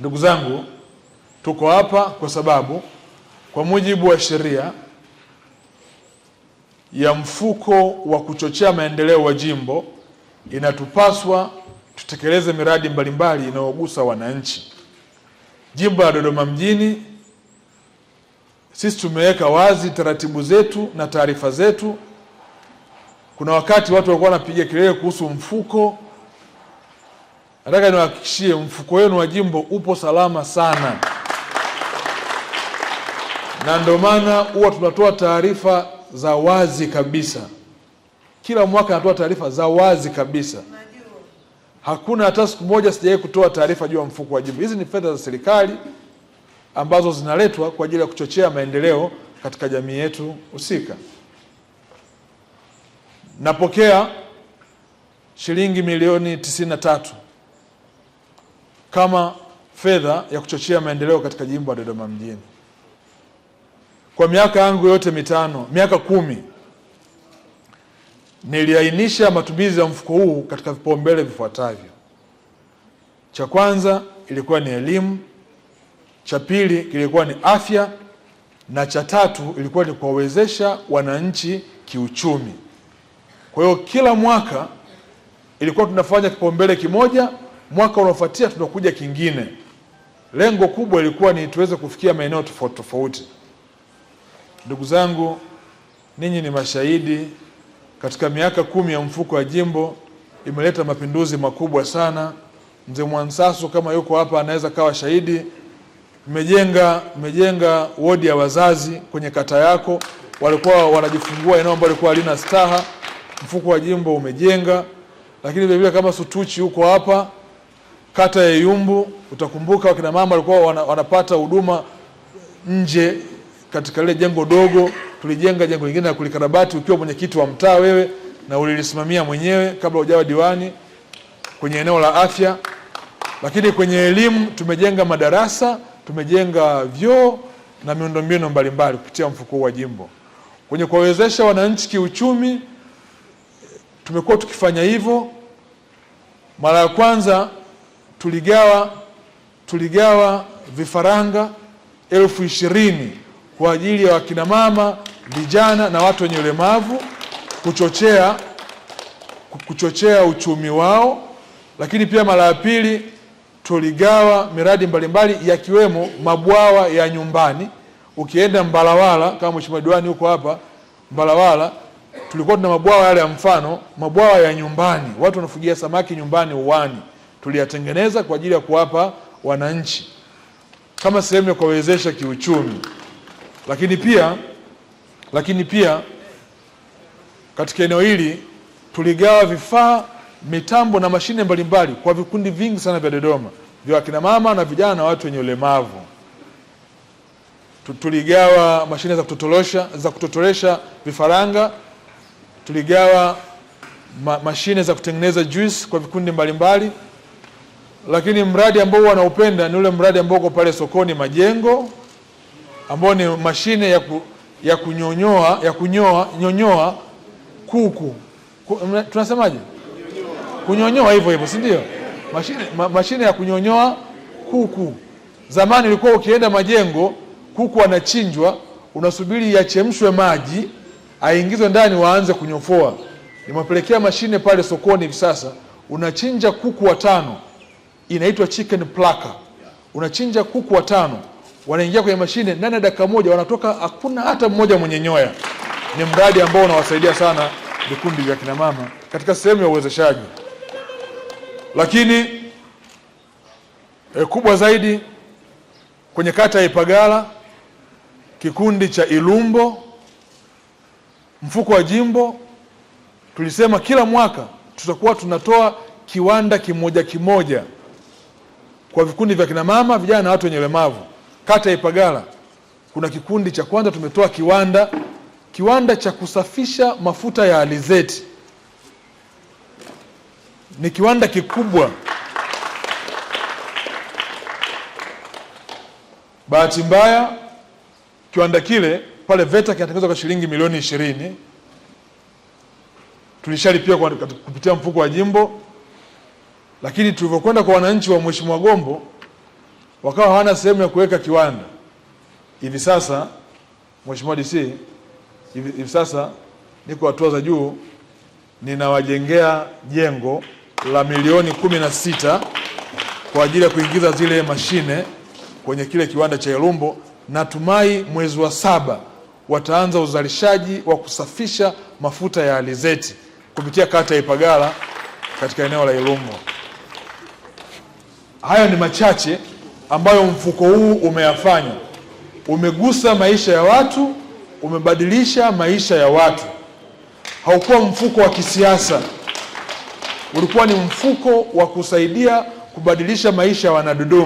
Ndugu zangu, tuko hapa kwa sababu kwa mujibu wa sheria ya mfuko wa kuchochea maendeleo wa jimbo inatupaswa tutekeleze miradi mbalimbali inayogusa wananchi. Jimbo la Dodoma mjini, sisi tumeweka wazi taratibu zetu na taarifa zetu. Kuna wakati watu walikuwa wanapiga kelele kuhusu mfuko Nataka niwahakikishie mfuko wenu wa jimbo upo salama sana, na ndio maana huwa tunatoa taarifa za wazi kabisa. Kila mwaka natoa taarifa za wazi kabisa. Hakuna hata siku moja sijawahi kutoa taarifa juu ya mfuko wa jimbo. Hizi ni fedha za serikali ambazo zinaletwa kwa ajili ya kuchochea maendeleo katika jamii yetu husika. Napokea shilingi milioni tisini na tatu kama fedha ya kuchochea maendeleo katika jimbo la Dodoma mjini. Kwa miaka yangu yote mitano, miaka kumi, niliainisha matumizi ya mfuko huu katika vipaumbele vifuatavyo. Cha kwanza ilikuwa ni elimu, cha pili kilikuwa ni afya na cha tatu ilikuwa ni kuwawezesha wananchi kiuchumi. Kwa hiyo kila mwaka ilikuwa tunafanya kipaumbele kimoja mwaka unaofuatia tunakuja kingine. Lengo kubwa ilikuwa ni tuweze kufikia maeneo tofauti tofauti. Ndugu zangu, ninyi ni mashahidi, katika miaka kumi ya mfuko wa jimbo imeleta mapinduzi makubwa sana. Mzee Mwansasu kama yuko hapa anaweza kawa shahidi. Mmejenga mmejenga wodi ya wazazi kwenye kata yako, walikuwa wanajifungua eneo ambalo lilikuwa halina staha, mfuko wa jimbo umejenga. Lakini vilevile kama Sutuchi huko hapa kata ya Iyumbu. Utakumbuka wakina mama walikuwa wanapata huduma nje katika lile jengo dogo. Tulijenga jengo lingine na kulikarabati ukiwa mwenyekiti wa mtaa wewe, na ulilisimamia mwenyewe kabla hujawa diwani, kwenye eneo la afya. Lakini kwenye elimu tumejenga madarasa, tumejenga vyoo na miundombinu mbalimbali kupitia mfuko wa jimbo. Kwenye kuwawezesha wananchi kiuchumi, tumekuwa tukifanya hivyo. Mara ya kwanza tuligawa tuligawa vifaranga elfu ishirini kwa ajili ya wakinamama, vijana na watu wenye ulemavu kuchochea, kuchochea uchumi wao. Lakini pia mara ya pili tuligawa miradi mbalimbali yakiwemo mabwawa ya nyumbani. Ukienda Mbalawala kama mheshimiwa diwani huko hapa Mbalawala, tulikuwa tuna mabwawa yale ya mfano, mabwawa ya nyumbani, watu wanafugia samaki nyumbani uwani tuliyatengeneza kwa ajili ya kuwapa wananchi kama sehemu ya kuwawezesha kiuchumi, lakini pia lakini pia katika eneo hili tuligawa vifaa, mitambo na mashine mbalimbali kwa vikundi vingi sana vya Dodoma vya akina mama na vijana na watu wenye ulemavu. Tuligawa mashine za kutotolesha za kutotolesha vifaranga, tuligawa ma mashine za kutengeneza juice kwa vikundi mbalimbali mbali lakini mradi ambao wanaupenda ni ule mradi ambao uko pale sokoni Majengo, ambao ni mashine ya, ku, ya kunyonyoa ya kunyoa nyonyoa kuku ku, tunasemaje? Kunyonyoa hivyo hivyo, si ndio? Mashine, ma, mashine ya kunyonyoa kuku. Zamani ilikuwa ukienda Majengo, kuku anachinjwa, unasubiri yachemshwe maji aingizwe ndani waanze kunyofoa. Nimepelekea mashine pale sokoni hivi sasa, unachinja kuku watano inaitwa chicken plucker. Unachinja kuku watano, wanaingia kwenye mashine ndani ya dakika moja wanatoka, hakuna hata mmoja mwenye nyoya. Ni mradi ambao unawasaidia sana vikundi vya kina mama katika sehemu ya uwezeshaji, lakini e, kubwa zaidi kwenye kata ya Ipagala kikundi cha Ilumbo mfuko wa jimbo tulisema kila mwaka tutakuwa tunatoa kiwanda kimoja kimoja kwa vikundi vya kina mama, vijana na watu wenye ulemavu. Kata ya Ipagala kuna kikundi cha kwanza, tumetoa kiwanda, kiwanda cha kusafisha mafuta ya alizeti. Ni kiwanda kikubwa. Bahati mbaya kiwanda kile pale VETA kinatengenezwa kwa shilingi milioni ishirini, tulishalipia kupitia mfuko wa jimbo lakini tulivyokwenda kwa wananchi wa Mheshimiwa Gombo wakawa hawana sehemu ya kuweka kiwanda. Hivi sasa Mheshimiwa DC, hivi, hivi sasa niko hatua za juu, ninawajengea jengo la milioni kumi na sita kwa ajili ya kuingiza zile mashine kwenye kile kiwanda cha Ilumbo. Natumai mwezi wa saba wataanza uzalishaji wa kusafisha mafuta ya alizeti kupitia kata ya Ipagala katika eneo la Ilumbo. Hayo ni machache ambayo mfuko huu umeyafanya. Umegusa maisha ya watu, umebadilisha maisha ya watu. Haukuwa mfuko wa kisiasa, ulikuwa ni mfuko wa kusaidia kubadilisha maisha ya Wanadodoma.